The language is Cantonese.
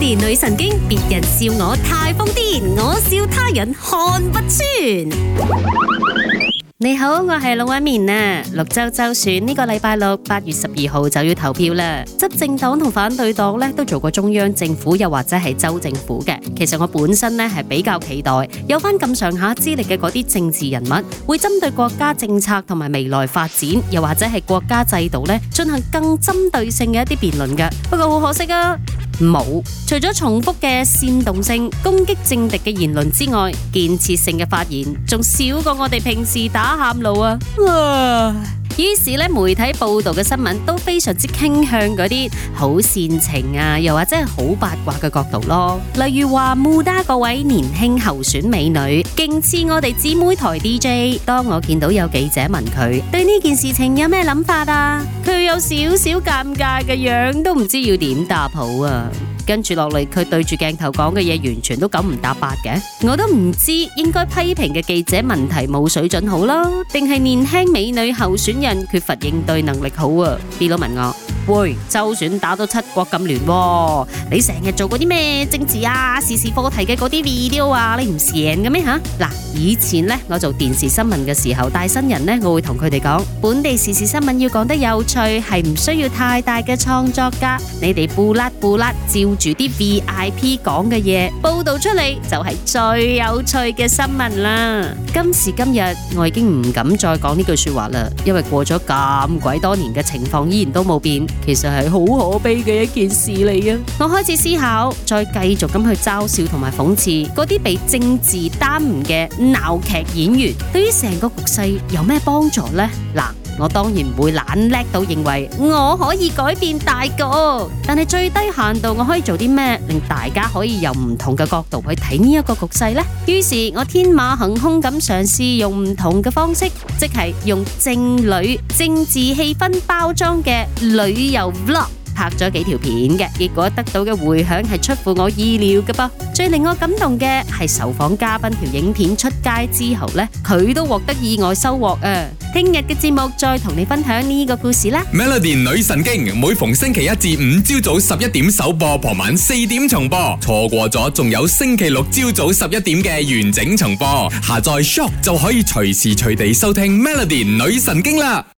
年女神經，別人笑我太瘋癲，我笑他人看不穿。你好，我係老阿面啊。六州州選呢個禮拜六八月十二號就要投票啦。執政黨同反對黨呢都做過中央政府又或者係州政府嘅。其實我本身呢係比較期待有翻咁上下資歷嘅嗰啲政治人物會針對國家政策同埋未來發展又或者係國家制度呢進行更針對性嘅一啲辯論㗎。不過好可惜啊！冇，除咗重複嘅煽動性攻擊政敵嘅言論之外，建設性嘅發言仲少過我哋平時打喊路啊，啊。於是咧，媒體報道嘅新聞都非常之傾向嗰啲好煽情啊，又或者係好八卦嘅角度咯。例如話，MUDA 嗰位年輕候選美女，勁似我哋姊妹台 DJ。當我見到有記者問佢對呢件事情有咩諗法啊，佢有少少尷尬嘅樣，都唔知要點答好啊。跟住落嚟，佢對住鏡頭講嘅嘢完全都九唔搭八嘅，我都唔知應該批評嘅記者問題冇水準好囉，定係年輕美女候選人缺乏應對能力好啊？別佬問我。會州選打到七國咁亂，哦，你成日做嗰啲咩政治啊、時事課題嘅嗰啲 video 啊，你唔成嘅咩吓？嗱、啊，以前咧我做電視新聞嘅時候帶新人咧，我會同佢哋講本地時事新聞要講得有趣，係唔需要太大嘅創作噶。你哋布啦布啦照住啲 VIP 講嘅嘢報道出嚟，就係最有趣嘅新聞啦。今時今日我已經唔敢再講呢句說話啦，因為過咗咁鬼多年嘅情況依然都冇變。其實係好可悲嘅一件事嚟。我開始思考，再繼續咁去嘲笑同埋諷刺嗰啲被政治耽誤嘅鬧劇演員，對於成個局勢有咩幫助呢？嗱。我當然唔會懶叻到認為我可以改變大局，但係最低限度我可以做啲咩令大家可以由唔同嘅角度去睇呢一個局勢呢？於是，我天馬行空咁嘗試用唔同嘅方式，即係用正旅政治氣氛包裝嘅旅遊 vlog。拍咗幾條片嘅，結果得到嘅回響係出乎我意料嘅噃。最令我感動嘅係受訪嘉賓條影片出街之後呢，佢都獲得意外收穫啊！聽日嘅節目再同你分享呢個故事啦。Melody 女神經每逢星期一至五朝早十一點首播，傍晚四點重播，錯過咗仲有星期六朝早十一點嘅完整重播。下載 Shop 就可以隨時隨地收聽 Melody 女神經啦。